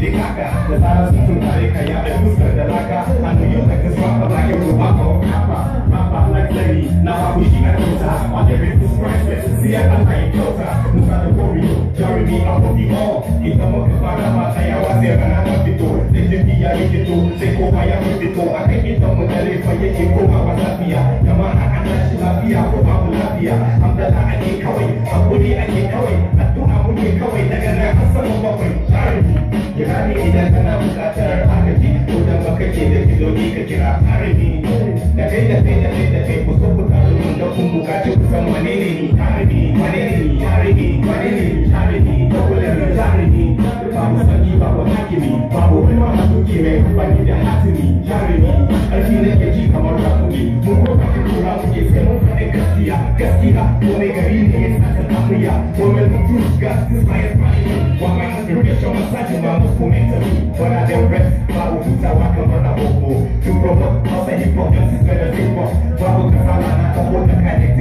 The caca The times you put The kaya The sister the the I The you the this The Like the rock The rapper the like The Now the wish The got the On the red the priceless The I the my The No the to The you the me The of the mall The mo the mata The wasir the of the the Take the the with the door the over The with the The I the kita The jari the ibu The lapia the akan The lapia the melapia The ake the Ambuni The kawai the amuni The Dagan the napenda penda penda pepo soko tarudi nakumbuka chukusa mwanini mwanini mwanini hatimi you broke up, I'll say you broke up, this is gonna be rough Babu ka sama na ka hoka ka ne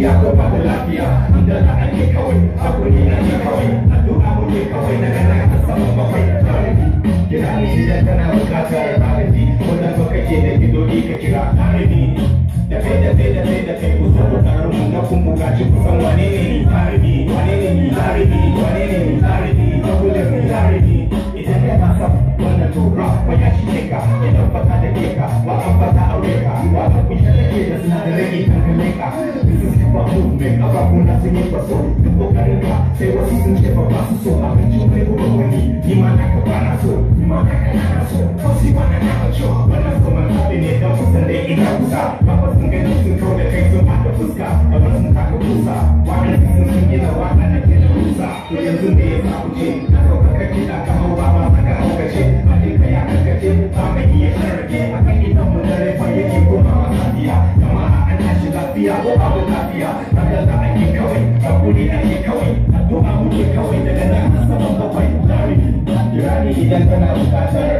lafiya lafiya kawai, fica que lá Caribe Itende masa, wana tura Wakapata aweka, tangeleka sinye kwa so karika, sewa nanaso Kosi ne da dan kusan dai kusa sun da kai sun kusa waƙar sun sun gina kusa to yanzu ne ya ka a a iya a idan da rai fa yake komawa safiya jama'a an lafiya ko babu lafiya kawai hakuri ake kawai addu'a kawai daga nan asaban bakwai jira